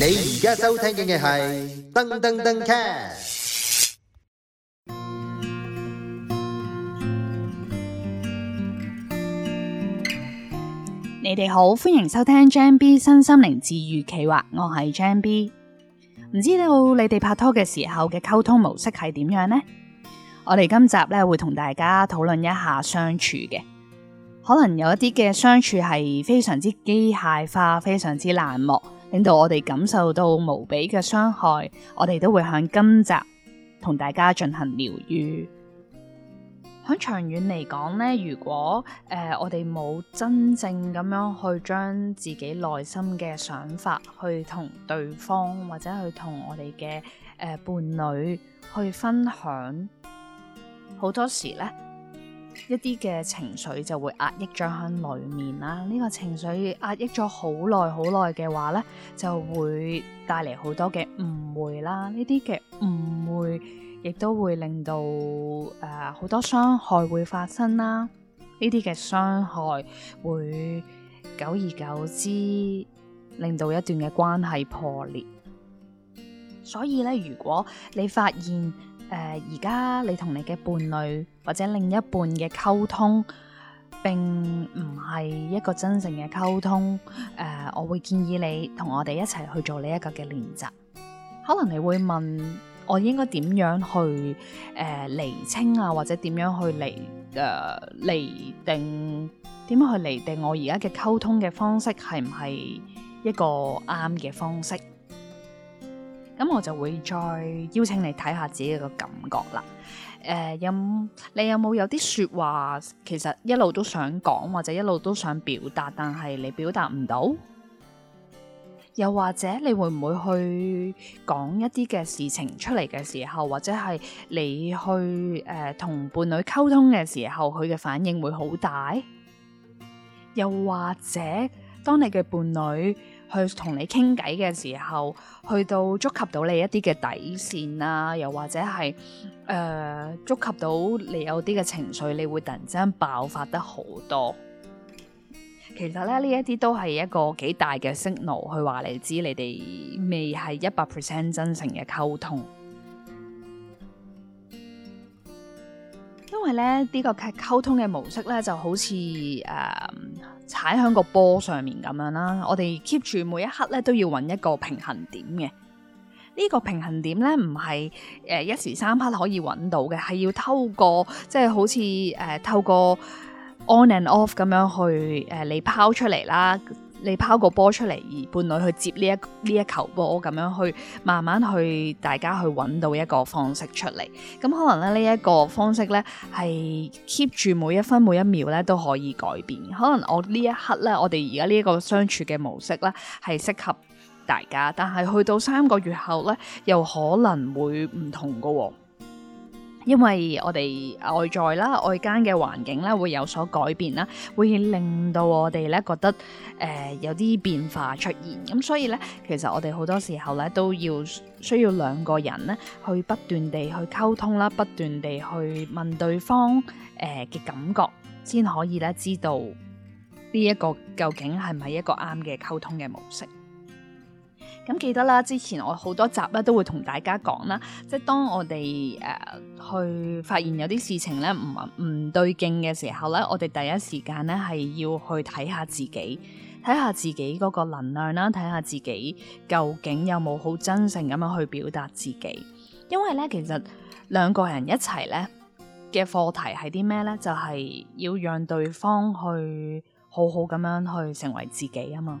你而家收聽緊嘅係噔噔噔 cast。你哋好，歡迎收聽 Jam B 身心靈治愈企劃，我係 Jam B。唔知道你哋拍拖嘅時候嘅溝通模式係點樣呢？我哋今集咧會同大家討論一下相處嘅，可能有一啲嘅相處係非常之機械化，非常之冷漠。令到我哋感受到無比嘅傷害，我哋都會喺今集同大家進行療愈。喺長遠嚟講咧，如果誒、呃、我哋冇真正咁樣去將自己內心嘅想法去同對方或者去同我哋嘅誒伴侶去分享，好多時咧。一啲嘅情緒就會壓抑咗喺裡面啦，呢、這個情緒壓抑咗好耐好耐嘅話，呢就會帶嚟好多嘅誤會啦。呢啲嘅誤會亦都會令到誒、呃、好多傷害會發生啦。呢啲嘅傷害會久而久之令到一段嘅關係破裂。所以呢，如果你發現，而家你同你嘅伴侶或者另一半嘅溝通，並唔係一個真正嘅溝通。誒、呃，我會建議你同我哋一齊去做呢一個嘅練習。可能你會問我應該點樣去誒厘、呃、清啊，或者點樣去厘誒厘定，點樣去厘定我而家嘅溝通嘅方式係唔係一個啱嘅方式？咁我就會再邀請你睇下自己嘅感覺啦。誒，有你有冇有啲說話，其實一路都想講，或者一路都想表達，但係你表達唔到？又或者你會唔會去講一啲嘅事情出嚟嘅時候，或者係你去誒同伴侶溝通嘅時候，佢嘅反應會好大？又或者當你嘅伴侶，去同你傾偈嘅時候，去到觸及到你一啲嘅底線啊，又或者係誒、呃、觸及到你有啲嘅情緒，你會突然之間爆發得好多。其實咧，呢一啲都係一個幾大嘅 signal，去話你知你哋未係一百 percent 真誠嘅溝通。係咧，呢個溝通嘅模式咧，就好似誒踩響個波上面咁樣啦。我哋 keep 住每一刻咧，都要揾一個平衡點嘅。呢個平衡點咧，唔係誒一時三刻可以揾到嘅，係要透過即係好似誒透過 on and off 咁樣去誒你拋出嚟啦。你拋個波出嚟，而伴侶去接呢一呢一球波，咁樣去慢慢去，大家去揾到一個方式出嚟。咁、嗯、可能咧呢一、這個方式呢，係 keep 住每一分每一秒呢都可以改變。可能我呢一刻呢，我哋而家呢一個相處嘅模式呢，係適合大家，但係去到三個月後呢，又可能會唔同噶、哦。因為我哋外在啦、外間嘅環境咧，會有所改變啦，會令到我哋咧覺得誒、呃、有啲變化出現。咁所以咧其實我哋好多時候咧都要需要兩個人咧去不斷地去溝通啦，不斷地去問對方誒嘅、呃、感覺，先可以咧知道呢一、這個究竟係咪一個啱嘅溝通嘅模式。咁、嗯、記得啦，之前我好多集咧都會同大家講啦，即係當我哋誒、呃、去發現有啲事情咧唔唔對勁嘅時候咧，我哋第一時間咧係要去睇下自己，睇下自己嗰個能量啦，睇下自己究竟有冇好真誠咁樣去表達自己，因為咧其實兩個人一齊咧嘅課題係啲咩咧？就係、是、要讓對方去。好好咁樣去成為自己啊嘛，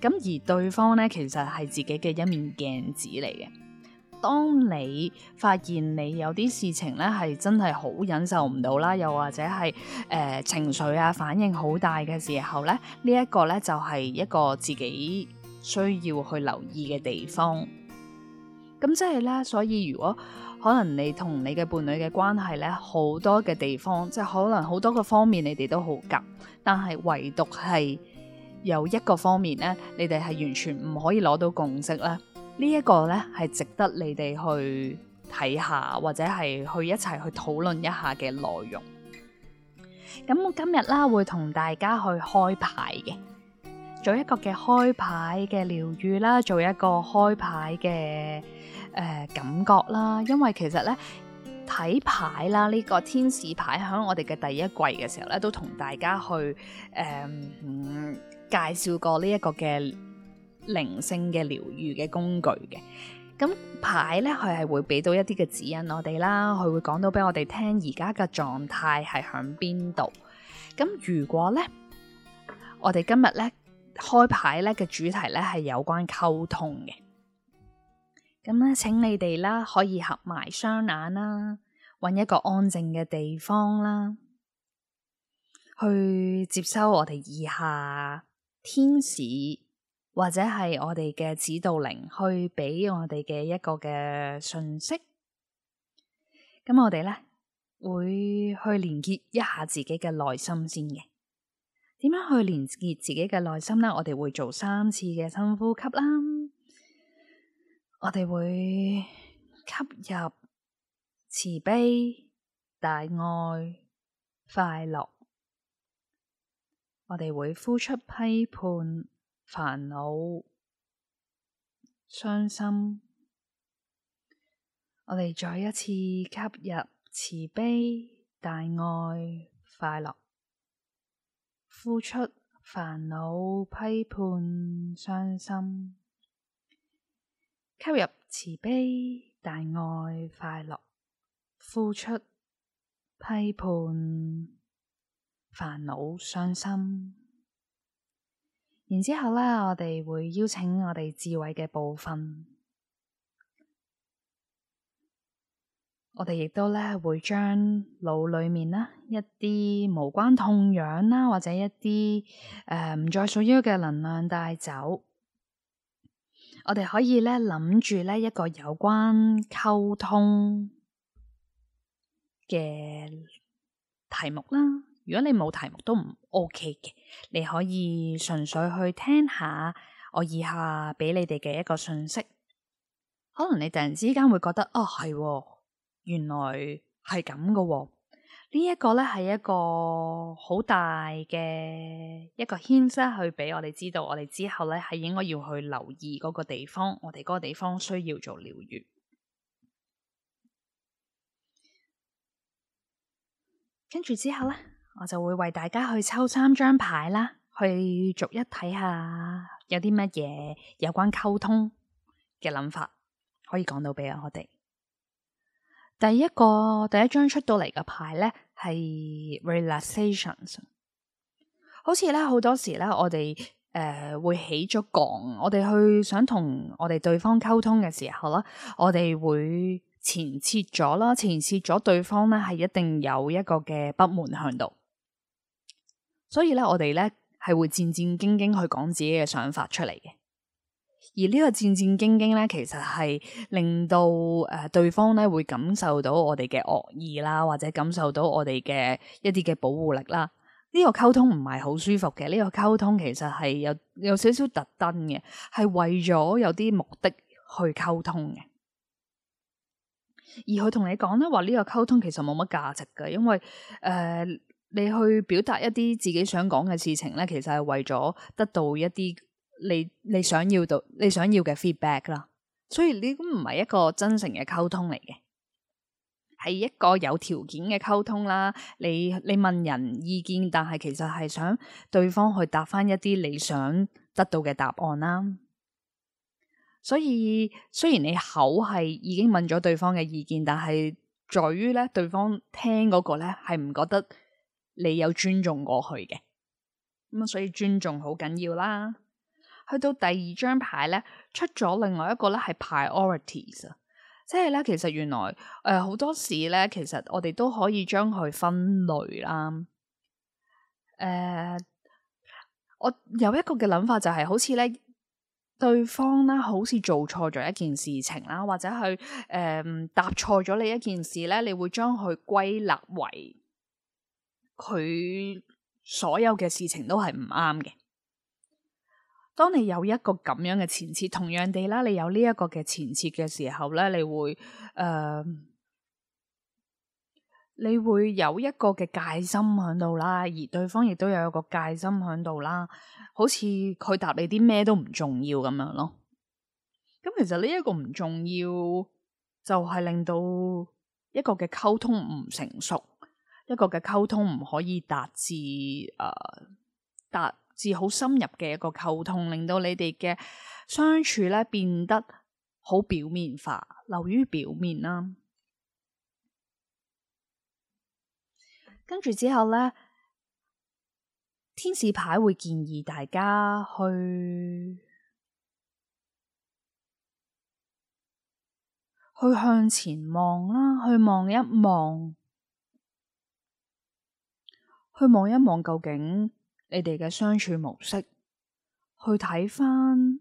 咁而對方咧其實係自己嘅一面鏡子嚟嘅。當你發現你有啲事情咧係真係好忍受唔到啦，又或者係誒、呃、情緒啊反應好大嘅時候咧，這個、呢一個咧就係、是、一個自己需要去留意嘅地方。咁即係咧，所以如果可能，你同你嘅伴侶嘅關係咧，好多嘅地方，即係可能好多個方面，你哋都好夾，但係唯獨係有一個方面咧，你哋係完全唔可以攞到共識咧。這個、呢一個咧係值得你哋去睇下，或者係去一齊去討論一下嘅內容。咁我今日啦，會同大家去開牌嘅。做一個嘅開牌嘅療癒啦，做一個開牌嘅誒、呃、感覺啦。因為其實咧睇牌啦，呢、呢個天使牌喺我哋嘅第一季嘅時候咧，都同大家去誒、呃嗯、介紹過呢一個嘅靈性嘅療癒嘅工具嘅。咁、嗯、牌咧，佢係會俾到一啲嘅指引我哋啦，佢會講到俾我哋聽而家嘅狀態係喺邊度。咁、嗯、如果咧，我哋今日咧。開牌咧嘅主題咧係有關溝通嘅，咁咧請你哋啦，可以合埋雙眼啦，搵一個安靜嘅地方啦，去接收我哋以下天使或者係我哋嘅指導靈去俾我哋嘅一個嘅信息。咁我哋咧會去連結一下自己嘅內心先嘅。點樣去連結自己嘅內心呢？我哋會做三次嘅深呼吸啦。我哋會吸入慈悲、大愛、快樂。我哋會呼出批判、煩惱、傷心。我哋再一次吸入慈悲、大愛、快樂。付出煩惱、批判、傷心，吸入慈悲、大愛、快樂。付出批判、煩惱、傷心，然之後呢，我哋會邀請我哋智慧嘅部分。我哋亦都咧會將腦裏面啦一啲無關痛癢啦，或者一啲誒唔再屬於嘅能量帶走。我哋可以咧諗住呢一個有關溝通嘅題目啦。如果你冇題目都唔 OK 嘅，你可以純粹去聽下我以下俾你哋嘅一個信息。可能你突然之間會覺得哦，係喎。原來係咁噶喎，呢一個呢，係一個好大嘅一個 hint 啦，去俾我哋知道，我哋之後呢，係應該要去留意嗰個地方，我哋嗰個地方需要做療癒。跟住之後呢，我就會為大家去抽三張牌啦，去逐一睇下有啲乜嘢有關溝通嘅諗法可以講到俾我哋。第一個，第一張出到嚟嘅牌咧，係 Realizations，好似咧好多時咧，我哋誒、呃、會起咗槓，我哋去想同我哋對方溝通嘅時候啦，我哋會前設咗啦，前設咗對方咧係一定有一個嘅不滿喺度，所以咧我哋咧係會戰戰兢兢去講自己嘅想法出嚟嘅。而呢個戰戰兢兢咧，其實係令到誒、呃、對方咧會感受到我哋嘅惡意啦，或者感受到我哋嘅一啲嘅保護力啦。呢、這個溝通唔係好舒服嘅，呢、這個溝通其實係有有少少特登嘅，係為咗有啲目的去溝通嘅。而佢同你講咧，話呢個溝通其實冇乜價值㗎，因為誒、呃、你去表達一啲自己想講嘅事情咧，其實係為咗得到一啲。你你想要到你想要嘅 feedback 啦，所以呢唔係一個真誠嘅溝通嚟嘅，係一個有條件嘅溝通啦。你你問人意見，但係其實係想對方去答翻一啲你想得到嘅答案啦。所以雖然你口係已經問咗對方嘅意見，但係在於咧，對方聽嗰個咧係唔覺得你有尊重過去嘅咁啊，所以尊重好緊要啦。去到第二張牌咧，出咗另外一個咧，係 priorities 啊，即係咧，其實原來誒好、呃、多事咧，其實我哋都可以將佢分類啦。誒、呃，我有一個嘅諗法就係、是，好似咧，對方啦，好似做錯咗一件事情啦，或者係誒、呃、答錯咗你一件事咧，你會將佢歸納為佢所有嘅事情都係唔啱嘅。當你有一個咁樣嘅前設，同樣地啦，你有呢一個嘅前設嘅時候咧，你會誒、呃，你會有一個嘅戒心喺度啦，而對方亦都有一個戒心喺度啦，好似佢答你啲咩都唔重要咁樣咯。咁其實呢一個唔重要，就係令到一個嘅溝通唔成熟，一個嘅溝通唔可以達至誒達。呃達是好深入嘅一個溝通，令到你哋嘅相處呢變得好表面化，流於表面啦、啊。跟住之後呢，天使牌會建議大家去去向前望啦、啊，去望一望，去望一望究竟，你哋嘅相處模式，去睇翻，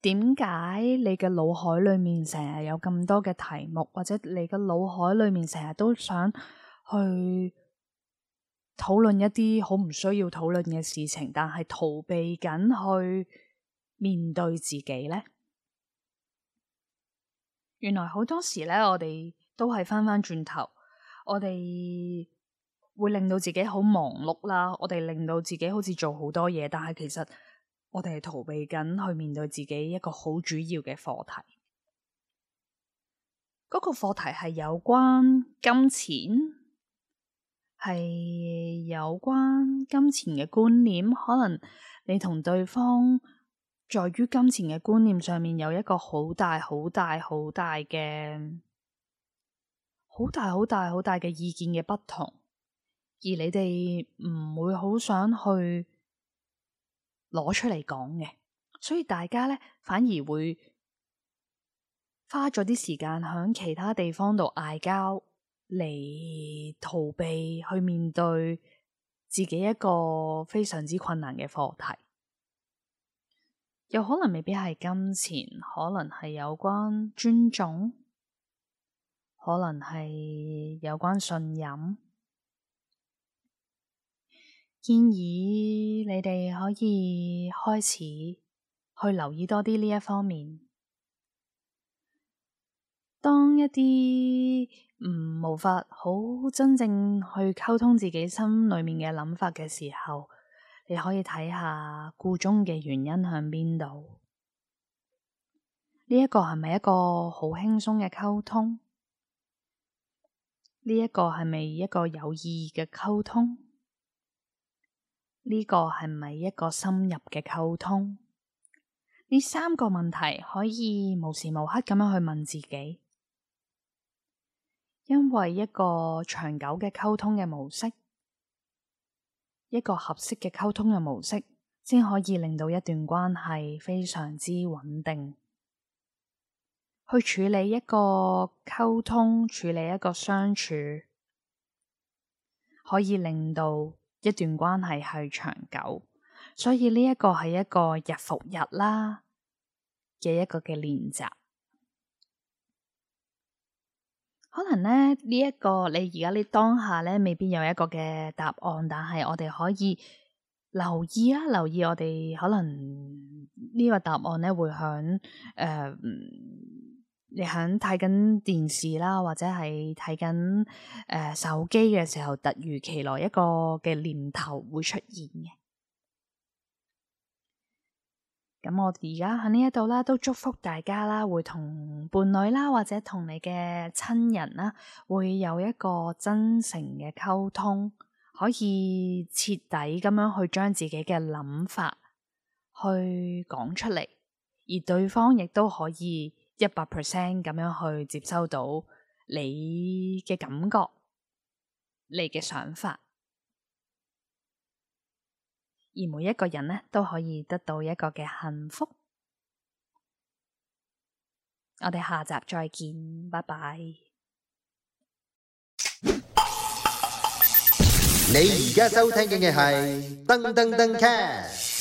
點解你嘅腦海裏面成日有咁多嘅題目，或者你嘅腦海裏面成日都想去討論一啲好唔需要討論嘅事情，但係逃避緊去面對自己呢？原來好多時咧，我哋都係翻翻轉頭，我哋，會令到自己好忙碌啦，我哋令到自己好似做好多嘢，但係其實我哋係逃避緊去面對自己一個好主要嘅課題。嗰個課題係有關金錢，係有關金錢嘅觀念。可能你同對方在於金錢嘅觀念上面有一個好大、好大、好大嘅好大、好大、好大嘅意見嘅不同。而你哋唔會好想去攞出嚟講嘅，所以大家呢反而會花咗啲時間喺其他地方度嗌交，嚟逃避去面對自己一個非常之困難嘅課題。又可能未必係金錢，可能係有關尊重，可能係有關信任。建議你哋可以開始去留意多啲呢一方面。當一啲唔無法好真正去溝通自己心裏面嘅諗法嘅時候，你可以睇下箇中嘅原因向邊度？呢一個係咪一個好輕鬆嘅溝通？呢一個係咪一個有意義嘅溝通？呢個係咪一個深入嘅溝通？呢三個問題可以無時無刻咁樣去問自己，因為一個長久嘅溝通嘅模式，一個合適嘅溝通嘅模式，先可以令到一段關係非常之穩定。去處理一個溝通，處理一個相處，可以令到。一段關係係長久，所以呢一個係一個日復日啦嘅一個嘅練習。可能咧呢一個你而家呢當下呢未必有一個嘅答案，但係我哋可以留意啊，留意我哋可能呢個答案呢會響誒。呃你喺睇緊電視啦，或者係睇緊誒手機嘅時候，突如其來一個嘅念頭會出現嘅。咁我而家喺呢一度啦，都祝福大家啦，會同伴侶啦，或者同你嘅親人啦，會有一個真誠嘅溝通，可以徹底咁樣去將自己嘅諗法去講出嚟，而對方亦都可以。一百 percent 咁樣去接收到你嘅感覺、你嘅想法，而每一個人呢都可以得到一個嘅幸福。我哋下集再見，拜拜。你而家收聽嘅係《噔噔噔 c